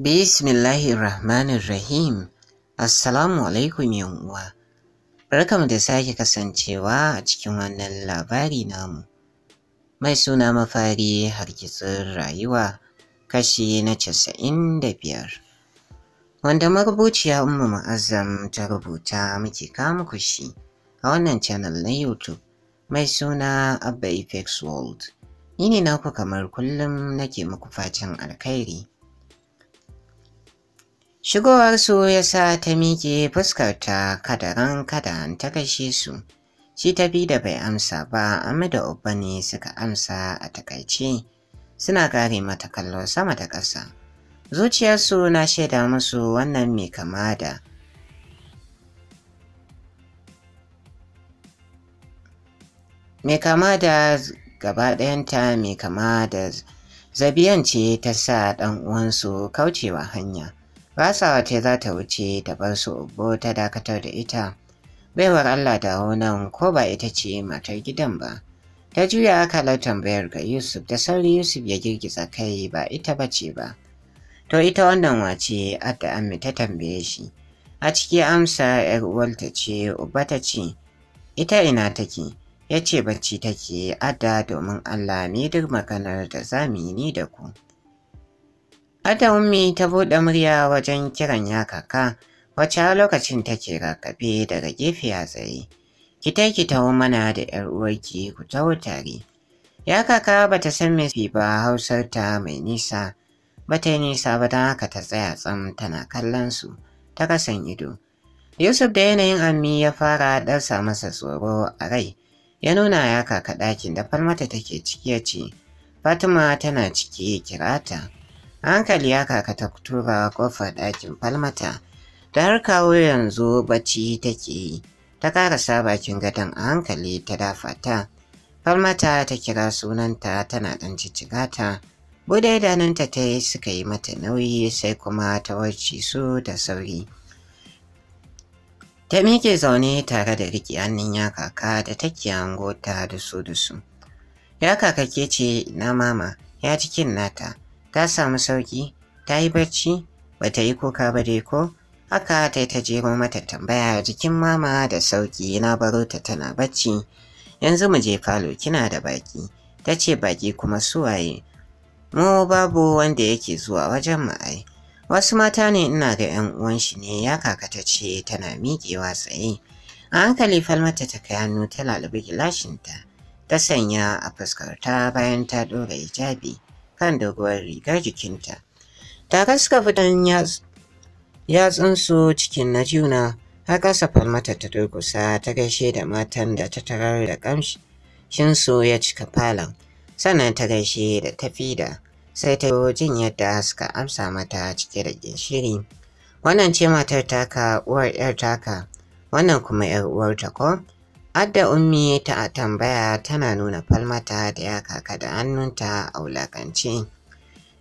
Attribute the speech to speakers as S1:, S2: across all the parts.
S1: Bismillahirrahmanirrahim. Assalamu alaikum uwa. Barkamu da sake kasancewa a cikin wannan labari namu. Mai suna mafari hargitsin rayuwa kashi na casa'in da biyar. Wanda marubuciya Ummu ma'azam ta rubuta muke kama shi a wannan channel na YouTube mai suna Abba Effects World. Ni ne naku kamar kullum nake muku fatan alkhairi. Shigowarsu ya sa ta miƙe fuskarta kadaran kadan ta gaishe su. Shi ta bi da bai amsa ba, amma da uba ne suka amsa a takaice. Suna gare mata kallo sama da ƙasa. Zuciyarsu na shaida musu wannan mai kama da mai kama da gaba ɗayanta mai kama da zabiyan ce ta sa ɗan uwansu kaucewa hanya Basawa ce za ta wuce ta bar su Ubbo ta dakatar da ita. Baiwar Allah da nan ko ba ita ce matar gidan ba. Ta juya aka akalar tambayar ga Yusuf da sauri Yusuf ya girgiza kai ba ita ba ce ba. To ita wannan wace Adda Ammi ta tambaye shi. A ciki amsa ‘yar uwarta ce, Uba ta ce, ita ina take, ya ce bacci take, Adda domin Allah ne duk maganar da za yi ni da ku. Har ta buɗe murya wajen kiran ya kaka, wacce a lokacin take rakafe daga gefe a tsaye. Ki ta ki taho mana da ‘yar uwarki ku taho tare. Ya kaka ba ta san me ba hausar ta mai nisa, Ba ta yi nisa ba don haka ta tsaya tsam tana kallon su ta kasan ido. Yusuf da yanayin ammi ya fara ɗarsa masa tsoro a rai, ya nuna ya kaka ɗakin da falmata take ciki ya ce, Fatima tana ciki kirata. hankali ya kaka ta turawa kofar ɗakin falmata. Da har kawo yanzu bacci take yi. Ta karasa bakin gadon a hankali ta dafa ta. Falmata ta kira sunanta tana ɗan cicciga ta. Bude idanunta ta yi suka yi mata nauyi sai kuma ta wacce su da sauri. Ta miƙe zaune tare da riƙe hannun ya kaka da take hango ta dusu-dusu. Ya kaka ke ce na mama ya cikin nata. ta samu sauki ta yi barci ba ta yi kuka ba dai ko haka ta ta jero mata tambaya jikin mama da sauki na baro ta tana bacci yanzu mu je falo kina da baki ta ce baki kuma suwaye mu babu wanda yake zuwa wajen mu ai wasu mata ne ina ga yan uwan shi ne ya kaka ta ce tana miƙewa tsaye a hankali falmata ta kai hannu ta lalubi gilashinta ta sanya a fuskarta bayan ta ɗora hijabi kan doguwar rigar jikinta. Tare suka fi fitan yatsunsu cikin na juna har kasa falmata ta durkusa ta gaishe da matan da ta tarar da ƙamshinsu ya cika falon. Sannan ta gaishe da ta tafida sai ta yi jin yadda suka amsa mata cike da shiri. Wannan ce matar taka uwar 'yar taka, wannan kuma 'yar uwar ta ko? Hadda ummi ta tambaya tana nuna falmata da ya kaka da hannunta a wulakance.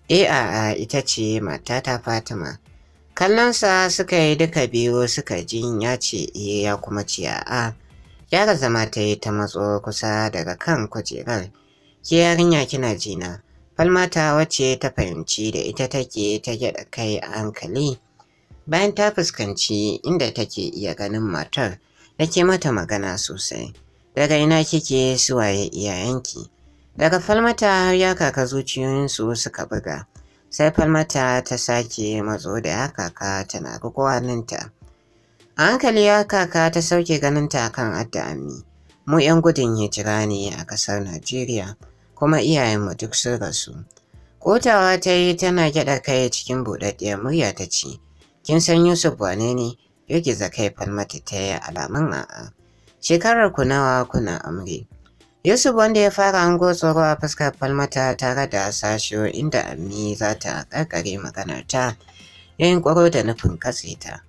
S1: E eh, a ita ce matata Fatima. Kallonsa suka yi duka biyu suka ji ya ce e ya kuma ce a'a. ga zama ta yi ta matso kusa daga kan kujerar. Ke yarinya kina jina. Falmata wacce ta fahimci da ita take ta gyaɗa kai a hankali. Bayan ta fuskanci inda take iya ganin matar, nake mata magana sosai. Daga ina kike suwaye iyayenki? Daga falmata har ya kaka zuciyoyinsu suka buga. Sai falmata ta sake matso da ya kaka tana kokowaninta. A hankali ya kaka ta sauke ganinta kan addami. Mu 'yan gudun hijira ne a ƙasar Najeriya, kuma iyayenmu duk sun rasu. Kotawa ta yi tana gyaɗa kai cikin buɗaɗɗiyar murya ta ce, Kin san Yusuf wane ne? girgiza kai falmata ta yi alamun a'a. Shekarar ku nawa kuna amri. Yusuf wanda ya fara hango tsoro a fuskar falmata tare da sasho inda Ami za ta karkare maganar ta yayin kwaro da nufin katse ta.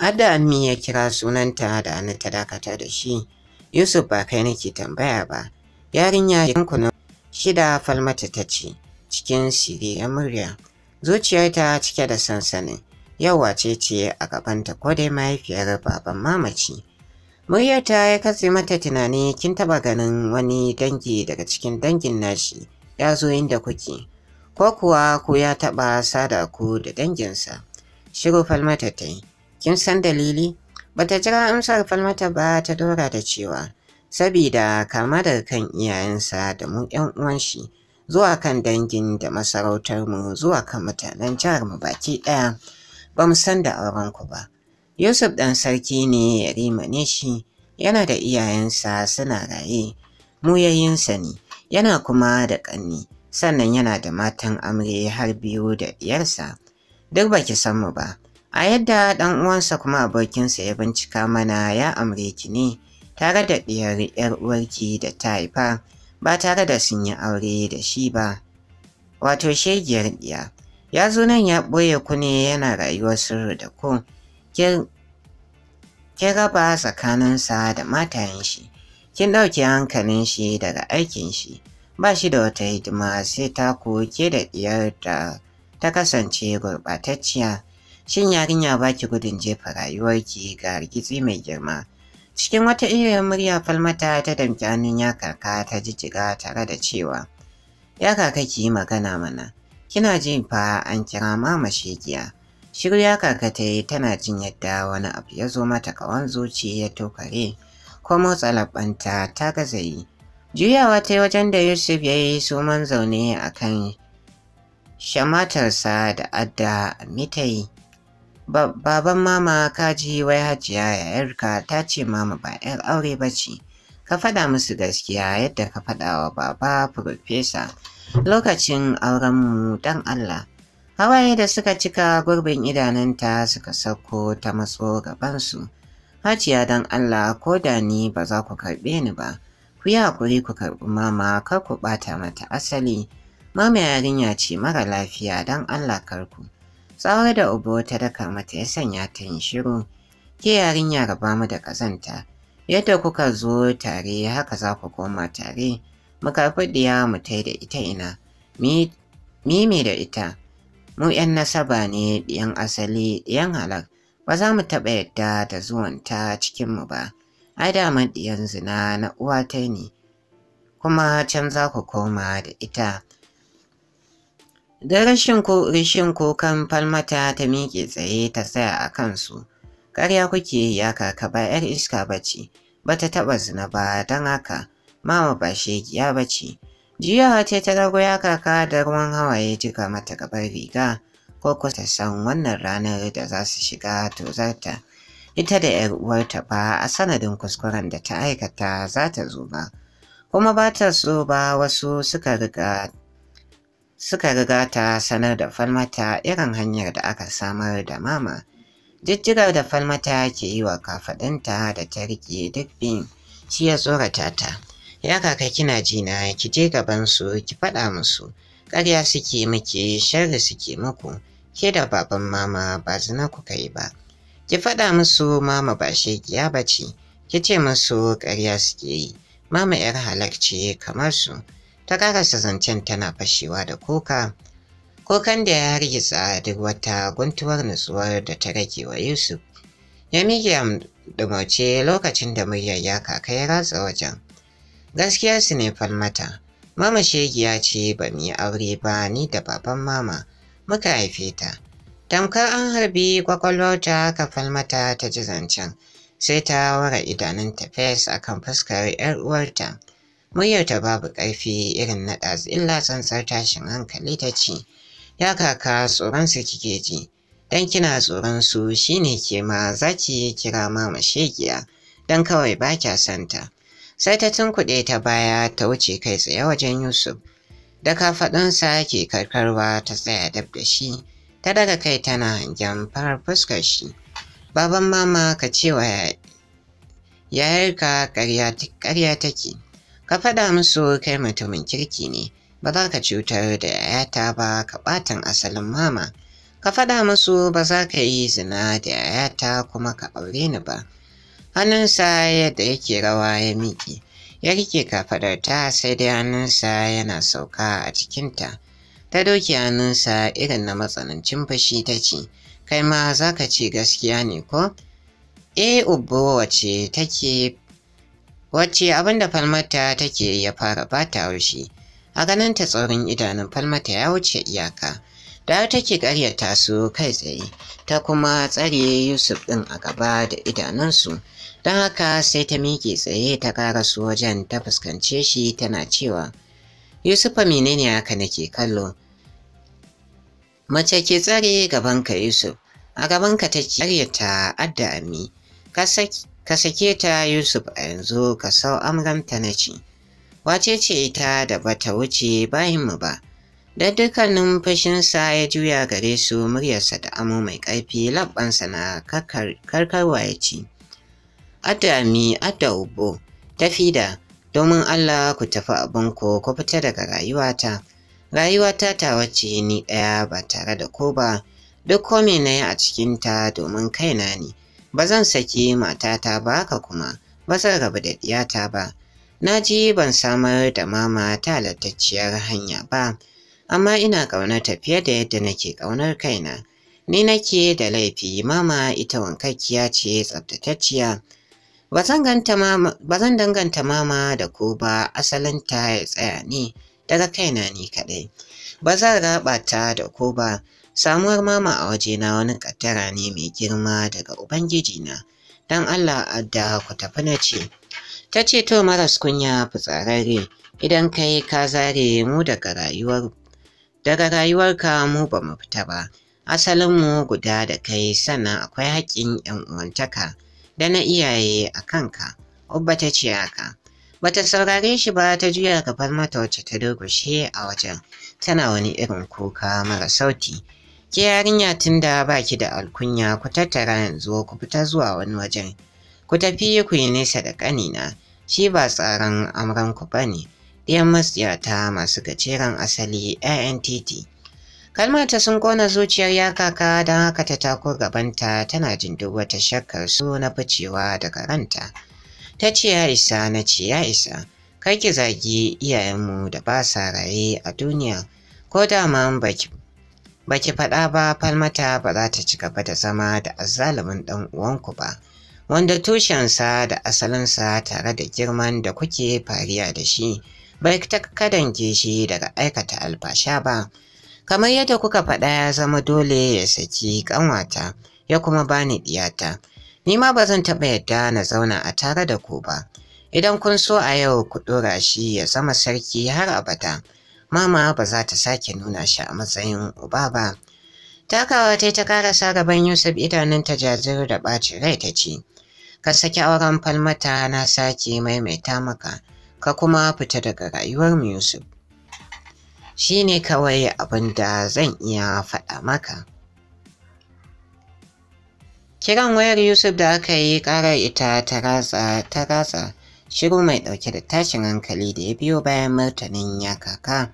S1: Adda Ami ya kira sunanta da ana ta dakata da shi. Yusuf ba kai nake tambaya ba. Yarinya kuna shida falmata ta ce cikin siriyar murya. Zuciyarta cike da sansanin. yau wacece ce a gabanta ko dai mahaifiyar baban mamaci. Muryarta ya katse mata tunani kin taba ganin wani dangi daga cikin dangin nashi ya zo inda kuke, ko kuwa ku ya taba sada ku da danginsa. Shiru falmata ta yi, kin san dalili? Bata jira amsar falmata ba ta dora da cewa, sabida kama daga kan iyayensa da mu ‘yan uwan shi zuwa kan dangin da masarautar mu zuwa kan mutanen jihar mu baki ɗaya. ba mu san da aurenku ba. Yusuf ɗan sarki ne ya ne shi yana da iyayensa suna raye, mu yayinsa ne, yana kuma da ƙanni, sannan yana da matan amre har biyu da ɗiyarsa. Duk ba ki san mu ba, a yadda ɗan uwansa kuma abokinsa ya bincika mana ya amre ki ne, tare da ɗiyar ‘yar uwarki da ta haifa, ba tare da sun yi aure da shi ba. Wato shegiyar ɗiya. ya zo nan ya ɓoye ku ne yana rayuwar sirri da ku kin raba tsakaninsa da matayen shi kin ɗauke hankalin shi daga aikin shi ba shi da wata hidima sai ta ke da ɗiyar da ta kasance gurɓatacciya shin yarinya ba ki gudun jefa rayuwarki ga rikici mai girma cikin wata irin murya falmata ta damƙi hannun ya karka ta jijjiga tare da cewa ya kaka ki yi magana mana Kina jin fa an kira ma mashigiya. Shirya kaka ta yi tana jin yadda wani abu ya zo mata kawan zuci ya tokare, ko motsa labanta ta gaza yi. Juyawa ta yi wajen da Yusuf ya yi suman zaune a kan shamatarsa da adda mitai. Baban mama kaji wai hajiya yayarka ta ce mama ba 'yar aure ba ce. Ka faɗa musu gaskiya yadda ka faɗa wa baba furfesa. lokacin aurenmu dan Allah. Hawaye da suka cika gurbin idanunta suka sauko ta matso gabansu. Hajiya dan Allah ko da ni ba za ku karɓe ni ba, ku yi hakuri ku karɓi mama kar ku ɓata mata asali. Mama yarinya ce mara lafiya dan Allah karku. Tsawar da ubo ta daka mata ya sanya ta yin shiru. Ke yarinya raba mu da ƙazanta. Yadda kuka zo tare haka za ku koma tare. ɗiya mu tai da ita ina, mi mimi da ita, mu ‘yan nasaba ne 'yan asali 'yan halak, ba za mu taɓa yadda ta zuwanta mu ba, ai ɗiyan zina na uwa ta ne, kuma can za ku koma da ita. Da rashin ko rashin kan falmata ta miƙe tsaye ta tsaya a kansu, ƙarya kuke ya kaka ba ‘yar iska ba ce, ba ta taɓa zina ba don haka. mama ba shegiya ba ce. Jiya ce ta dago ya kaka da ruwan hawaye jika mata gabar riga ko kusa san wannan ranar da za su shiga tozarta. Ita da ‘yar uwarta ba a sanadin kuskuren da ta aikata za ta zo ba, kuma ba ta so ba wasu suka riga suka riga ta sanar da falmata irin hanyar da aka samar da mama. Jijjigar da falmata ke yi wa kafaɗinta da ta riƙe duk bin shi ya tsorata ta. ya kaka kina jina, ki je gaban su ki faɗa musu ƙarya suke muke sharri suke muku ke da baban mama ba zina kuka yi ba ki faɗa musu mama ba shekiya ba ce ki ce musu ƙarya suke yi mama yar halarci kamar su ta karasa zancen tana fashewa da kuka kukan da ya hargitsa duk wata guntuwar nutsuwar da ta rage wa yusuf ya miƙe dumauce lokacin da muryar ya kaka ya ratsa wajen Gaskiya su ne falmata. Mama shegiya ce ba mu yi aure ba ni da baban mama. Muka haife ta. Tamkar an harbi kwakwalwarta ka falmata ta ji zancen. Sai ta wara idanunta fes a kan fuskar 'yar uwarta. ta babu ƙarfi irin na illa tsantsar tashin hankali ta ce, Ya kaka su kike ji, dan kina tsoron su shine ke ma za ki kira mama shegiya, dan kawai ba kya santa. sai ta tunkuɗe ta baya ta wuce kai tsaye wajen Yusuf. Da kafaɗinsa ke karkarwa ta tsaya dab da shi, ta daga kai tana hangen farar fuskar shi. Baban mama ka ce wa yayarka ƙarya take, ka faɗa musu kai mutumin kirki ne, ba za ka cutar da yayata ba ka ɓatan asalin mama. Ka faɗa musu ba za ka yi zina da yayata kuma ka aure ni ba. hannunsa yadda yake rawa ya miƙe ya rike kafadarta sai dai hannunsa yana sauka a cikinta ta doke hannunsa irin na matsanancin fashi ta ce kai ma za ka ce gaskiya ne ko e ubbo wace take wacce abinda falmata take ya fara bata haushi a ganin ta tsoron idanun falmata ya wuce iyaka da take karyata su kai tsaye ta kuma tsare yusuf ɗin a gaba da idanunsu don haka sai ta miƙe tsaye ta ƙara su wajen ta fuskance shi tana cewa yusufa menene haka nake kallo mace ke tsare gabanka yusuf a gabanka ta ta adda ami ka sake ta yusuf a yanzu ka sau amranta na ce wace ce ita da bata wuce mu ba da dukkanin fashinsa ya juya gare su muryarsa da amu mai ƙarfi labbansa na karkarwa ya ci. Adami ada Ubo, Tafida, domin Allah ku tafi abinku ku fita daga rayuwata. Rayuwata ta wacce ni ɗaya ba tare da ko ba, duk kome na yi a cikinta domin kaina ne. Ba zan saki matata ba ka kuma, ba zan rabu da ɗiyata ba. Na ji ban samar da mama ta halattacciyar hanya ba, amma ina ƙaunarta fiye da yadda nake ƙaunar kaina. Ni nake da laifi mama ita wankakkiya ce tsaftatacciya. ba zan danganta mama da ko ba ta ya tsaya ne daga kaina ne kaɗai ba zan raba ta da ko ba samuwar mama a wajena wani ƙaddara ne mai girma daga ubangijina. don allah adda ku tafi na ce ta ce to maras kunya fitsararre idan kai ka zare mu daga rayuwar daga rayuwarka mu ba mu fita ba asalinmu guda da kai sannan akwai haƙƙin 'yan uwantaka da na iyaye a kanka, Ubba ta ce haka. Bata saurare shi ba ta juya gabar mata wacce ta durgushe a wajen, tana wani irin kuka mara sauti. Ke yarinya tun da ba ki da alkunya ku tattara yanzu ku fita zuwa wani wajen. Ku tafi ku yi nesa da ƙanina, shi ba tsaron amuranku ba ne, ɗiyan matsiyata masu gajeren asali 'ya'yan titi. kalmar sun kona zuciyar ya kaka don haka ta tako gabanta tana jin duk wata shakkar su na ficewa daga ranta ta ce ya isa na ce ya isa kar ki zagi iyayenmu da ba sa raye a duniya ko da ma baki baki faɗa ba falmata ba za ta ci gaba da zama da azzalumin ɗan uwanku ba wanda tushensa da asalinsa tare da girman da kuke fariya da shi bai ta kadange shi daga aikata albasha ba kamar yadda kuka faɗa ya zama dole ya saki ƙanwata ya kuma bani ɗiyata ni ma ba zan taɓa yadda na zauna a tare da ku ba idan kun so a yau ku ɗora shi ya zama sarki har abada mama ba za ta sake nuna shi a matsayin uba ba takawa ta ta sa gaban yusuf idanunta jajir da ɓaci rai ta ce ka saki auren falmata na sake maimaita maka ka kuma fita daga rayuwar yusuf shi ne kawai abin da zan iya faɗa maka. Kiran wayar Yusuf da aka yi ƙarar ita ta ratsa ta ratsa shiru mai ɗauke da tashin hankali da ya biyo bayan martanin ya kaka.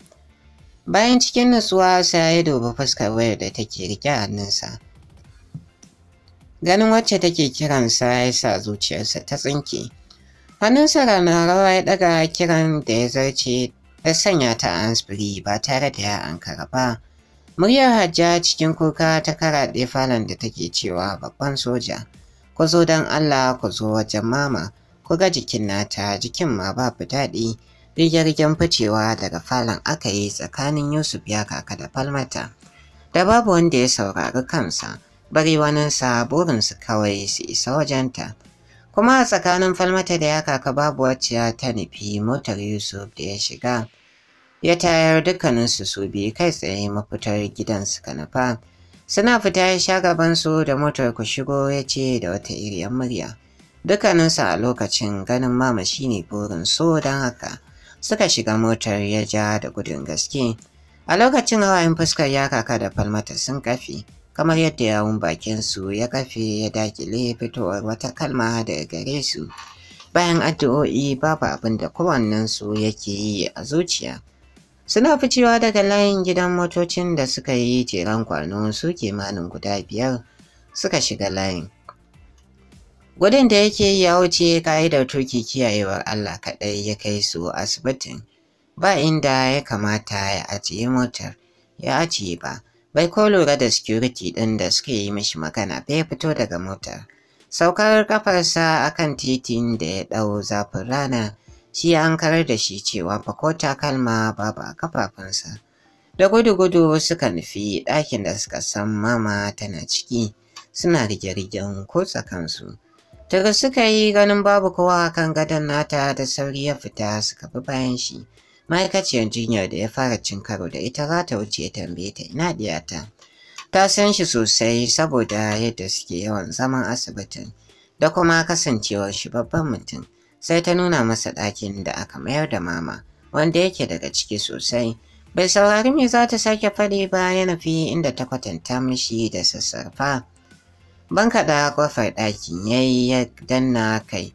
S1: Bayan cikin nutsuwa sai ya dubi fuskar wayar da take rike hannunsa. Ganin wacce take kiransa ya sa zuciyarsa ta tsinke. Hannunsa rana rawa ya ɗaga kiran da ya zarce da sanya ta a ba tare da ya ankara ba. Muryar Hajja cikin kuka ta karaɗe falon da take cewa babban soja, ku zo don Allah ku zo wajen mama, ku ga jikin nata jikin ma babu daɗi, rigirgen ficewa daga falon aka yi tsakanin Yusuf ya kaka da falmata. Da babu wanda ya saurari kansa, bari waninsa burinsu kawai su isa wajenta. kuma a tsakanin falmata da ya kaka, babu wacce ta nufi motar yusuf da ya shiga ya tayar dukkaninsu su biyu kai tsaye mafitar gidan suka nufa suna fita ya sha su da motar ku shigo ya ce da wata iriyar murya dukkaninsu a lokacin ganin mama ne burin su don haka suka shiga motar ya ja da gudun gaske a lokacin hawayen fuskar ya kaka da falmata sun kafe kamar yadda yawun bakinsu ya kafe ya dakile fitowar wata kalma daga gare su. Bayan addu'o'i babu abin da kowannensu yake yi a zuciya. Suna ficewa daga layin gidan motocin da suka yi jeren kwano su kimanin guda biyar suka shiga layin. Gudun da yake ya wuce ka'idar turki kiyayewar Allah kaɗai ya kai su asibitin. ba inda ya kamata ya ajiye motar ya ajiye ba bai ko lura da security ɗin da suka yi mishi magana bai fito daga mota. Saukar kafarsa akan titin da ya ɗau zafin rana shi an karar da shi cewa fa ko takalma babu a kafafunsa. Da gudu-gudu suka nufi ɗakin da suka san mama tana ciki suna rige-rigen kotsa kansu. Daga suka yi ganin babu kowa kan gadon nata da sauri ya fita suka bi bayan shi. ma'aikaciyar jinyar da ya fara cin karo da ita za ta wuce ya tambaye ta ina diyata ta Ta san shi sosai saboda yadda suke yawan zaman asibitin da kuma kasancewar shi babban mutum sai ta nuna masa ɗakin da aka mayar da mama wanda yake daga ciki sosai bai saurari me za ta sake faɗi ba ya nufi inda ta kwatanta mishi da sassarfa ban kaɗa ƙofar ɗakin ya yi ya danna kai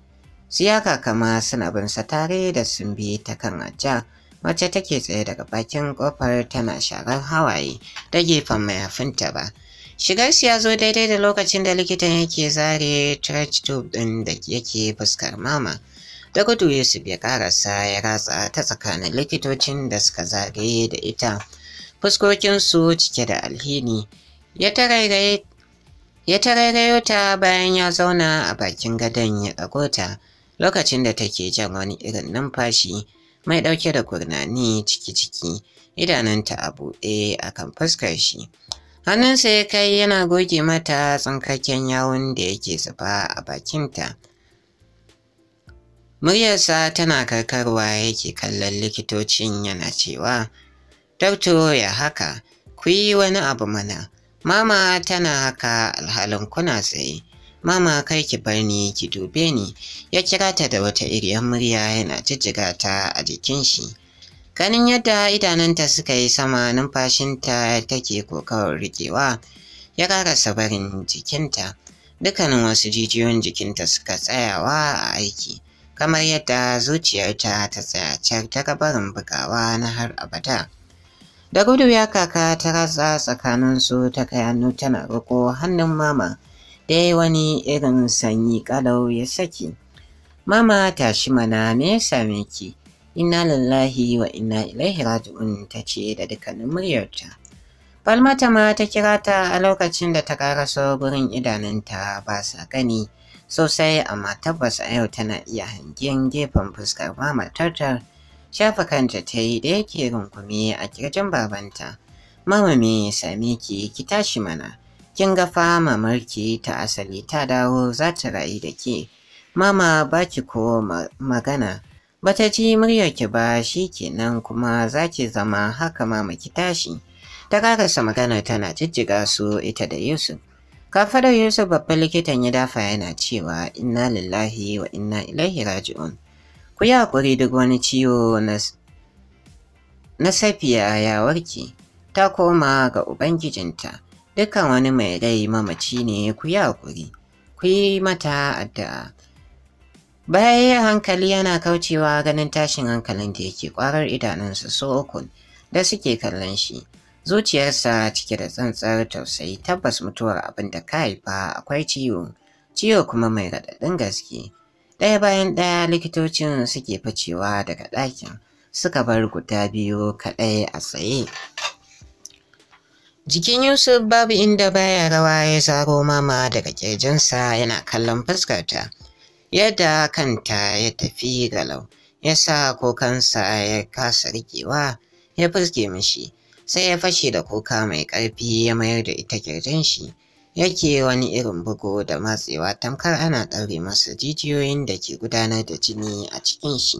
S1: siyaka kama suna bin sa tare da sun bi ta kan ajiya wacce take tsaye daga bakin kofar tana sharar hawaye da gefen mayafinta ba. Shigar shi ya zo daidai da lokacin da likitan yake zare trash tube ɗin da yake fuskar mama. Da gudu Yusuf ya karasa ya ratsa ta tsakanin likitocin da suka zare da ita. Fuskokinsu cike da alhini. Ya tarairayo ta bayan ya zauna a bakin gadon ya ɗago ta lokacin da take jan wani irin numfashi. mai ɗauke da kurnani ciki-ciki idanunta a buɗe akan fuskar shi hannunsa ya kai yana goge mata tsinkakken yawon da yake zuba a bakinta muryarsa tana karkarwa yake kallon likitocin yana cewa dokto ya haka ku yi wani abu mana mama tana haka alhalin kuna tsaye Mama kai ki bar ni ki dube ni ya kira ta da wata iriyar murya yana jijjiga ta a jikin shi. Ganin yadda idanunta suka yi sama numfashinta take kokawar rikewa, ya karasa barin jikinta. Dukkanin wasu jijiyoyin jikinta suka tsayawa a aiki. kamar yadda zuciyarta ta tsaya ta barin bugawa na har abada. Da gudu ya kaka ta ratsa tsakaninsu ta kai hannu tana roƙo hannun mama dai wani irin sanyi kalau ya saki. Mama tashi mana me ya same ki? Inna lillahi wa ina ilaihi raji'un ta ce da dukkanin muryarta. Falmata ma ta kira ta a lokacin da ta karaso gurin idanunta ba sa gani sosai amma tabbas a yau tana iya hangen gefen fuskar Mama, tartar shafa kanta ta yi da yake rungume a kirjin babanta. Mama me ya same ki ki tashi mana. Kin ga fa mamarki ta asali ta dawo za ta rayu da ke. Mama ba ki ko magana. Bata ji muryarki ba shi kenan kuma za ki zama haka mama ki tashi. Ta karasa magana tana jijjiga su ita da Yusuf. Kafadar Yusuf babban likitan ya dafa yana cewa inna lillahi wa inna ilaihi raji'un. Ku yi hakuri duk wani ciwo na safiya ya warke, ta koma ga Ubangijinta. dukkan wani mai rai mamaci ne ku yi hakuri, ku yi mata addu'a. Bayan hankali yana kaucewa ganin tashin hankalin da yake kwarar idanunsa so ukun da suke kallon shi. Zuciyarsa cike da tsantsar tausayi tabbas mutuwar abin da ka haifa akwai ciwo, ciwo kuma mai raɗaɗin gaske. Ɗaya bayan ɗaya likitocin suke ficewa daga ɗakin suka bar guda biyu kaɗai a tsaye. Jikin Yusuf babu inda baya rawa ya zaro mama daga ƙirjinsa yana kallon fuskarta. Yadda kanta ya tafi galau, ya sa kokansa ya kasa rikewa ya fuske mishi, sai ya fashe da kuka mai ƙarfi ya mayar da ita ƙirjin shi. Yake wani irin bugu da matsewa tamkar ana ɗaure masa jijiyoyin da ke gudanar da jini a cikin shi.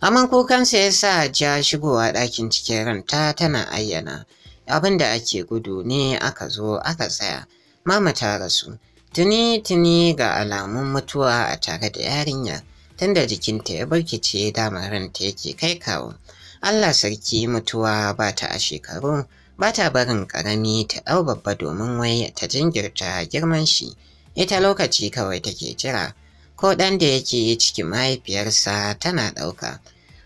S1: Aman kukansa ya sa ja shigowa ɗakin cikin ranta tana ayyana. abin da ake gudu ne aka zo aka tsaya mama ta rasu tuni tuni ga alamun mutuwa a tare da yarinya tunda jikinta ya barkice damar ranta yake kai kawo Allah sarki mutuwa ba ta a shekaru ba ta barin karami ta ɗau babba domin wai ta jingirta girman shi ita lokaci kawai take jira ko ɗan da yake cikin mahaifiyarsa tana ɗauka.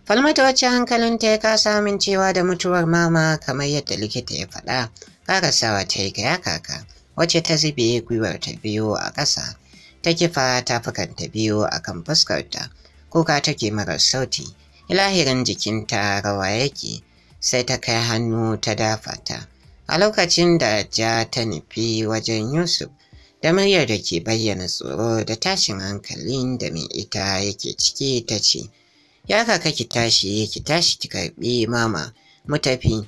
S1: Falmata wacce hankalinta ya kasa amincewa da mutuwar mama kamar yadda likita ya faɗa, karasawa ta yi gaya kaka, wacce ta zube gwiwar ta biyu a ƙasa, ta kifa kanta biyu a kan fuskarta, kuka take marar sauti, ilahirin jikinta rawa yake, sai ta kai hannu ta dafata. A lokacin da ja ta nufi wajen Yusuf, da muryar da ke bayyana tsoro da tashin hankalin da mai ita yake ciki ta ce, ya kaka ki tashi ki tashi ki karɓi mama mu tafi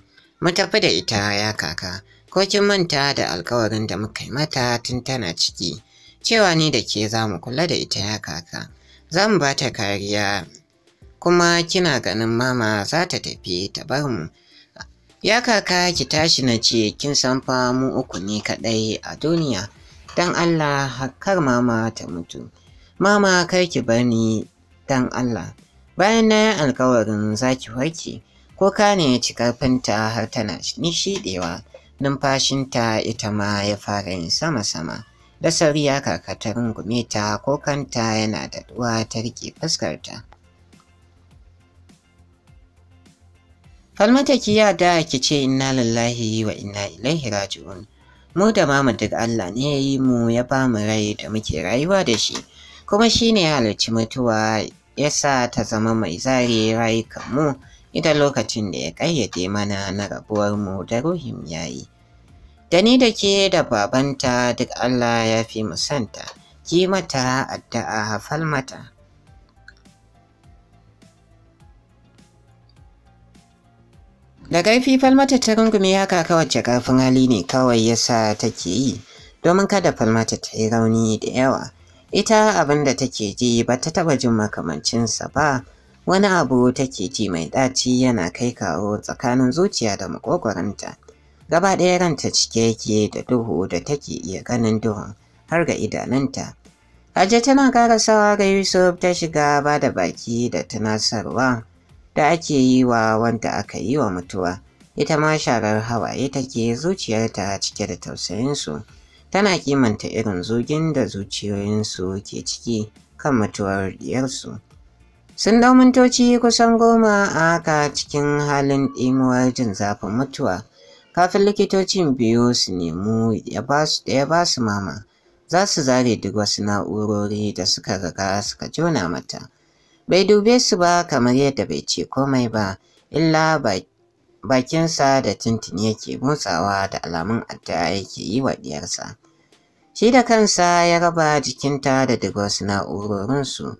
S1: da ita ya kaka ko kin manta da alkawarin da muka mata tun tana ciki cewa ni da ke zamu kula da ita ya kaka zamu mu ba ta kariya kuma kina ganin mama za ta tafi ta bar mu ya kaka ki tashi na ce kin san fa mu uku ne kadai a duniya dan Allah kar mama ta mutu mama kar ki bani dan Allah bayan na alkawarin zaki warke ko ka ne ci karfinta har tana nishiɗewa numfashinta ita ma ya fara yin sama-sama da sauri ya rungume ta ko kanta yana da duwa ta rike fuskarta Falmata ya da ki ce inna lillahi wa inna ilaihi raji'un. Mu da mamu duk Allah ne ya yi mu ya ba mu rai da muke rayuwa da shi, kuma shi ne ya halarci mutuwa yasa ta zama mai zare rayukanmu idan lokacin da ya ƙayyade mana na rabuwarmu da ruhin yayi. Da ni da ke da babanta duk Allah ya fi musanta, ki mata addu'a hafal mata. Da ƙarfi falmata ta rungume haka kawace ƙarfin hali ne kawai yasa take yi, domin kada falmata ta yi rauni da yawa. Ita abin da take ji ba ta taɓa jin makamancinsa ba, wani abu take ji mai ɗaci yana kai kawo tsakanin zuciya da makogwaranta. Gaba ɗaya ranta cike yake da duhu da take iya ganin duhu har ga idanunta. Aje tana karasawa ga Yusuf ta shiga ba da baki da tunasarwa da ake yi wa wanda aka yi wa mutuwa. Ita ma sharar hawaye take zuciyarta cike da tausayinsu. tana kimanta irin zugin da zuciyoyinsu ke ciki kan mutuwar diyarsu. Sun dau mintoci kusan goma a haka cikin halin ɗimuwar jin zafin mutuwa, kafin likitocin biyu su nemi ya ba su mama, za su zare duk wasu na'urori da suka riga suka jona mata. Bai dube su ba kamar yadda bai ce komai ba, illa bakinsa da tuntuni yake motsawa da alamun addu'a yake yi wa diyarsa. Shi da kansa ya raba jikinta da duk wasu na'urorinsu,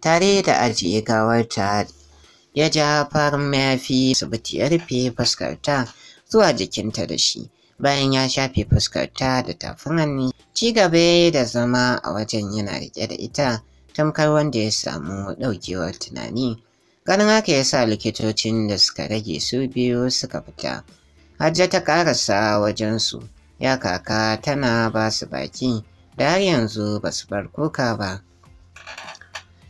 S1: tare da ajiye gawarta ya ja farin mayafi asibiti ya rufe fuskarta zuwa jikinta da shi. Bayan ya shafe fuskarta da tafin ci gaba da zama a wajen yana riƙe da ita tamkar wanda ya samu ɗaukewar tunani. Ganin haka ya sa likitocin da suka rage su biyu suka fita. Hajja ta ƙarasa wajensu. ya kaka tana ba su baki da har yanzu ba su bar kuka ba.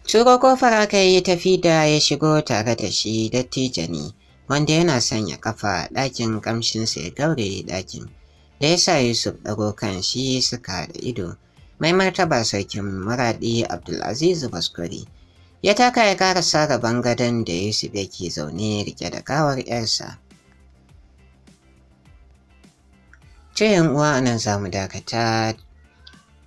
S1: Turo kofar aka yi tafi da ya shigo tare da shi dattijani wanda yana sanya kafa ɗakin sa ya gaure ɗakin. Da ya sa Yusuf ɗago kan shi suka da ido, mai martaba sarkin maraɗi Abdulaziz Baskuri. Ya taka ya karasa gaban gadon da Yusuf yake zaune rike da kawar 'yarsa. ce yan uwa nan za mu dakata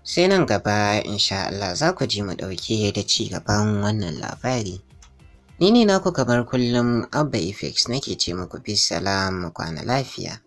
S1: sai nan gaba insha Allah za ku ji mu ɗauke da ci gaban wannan labari. Ni ne naku kamar kullum Abba Effects nake ce muku bisalam kwana lafiya.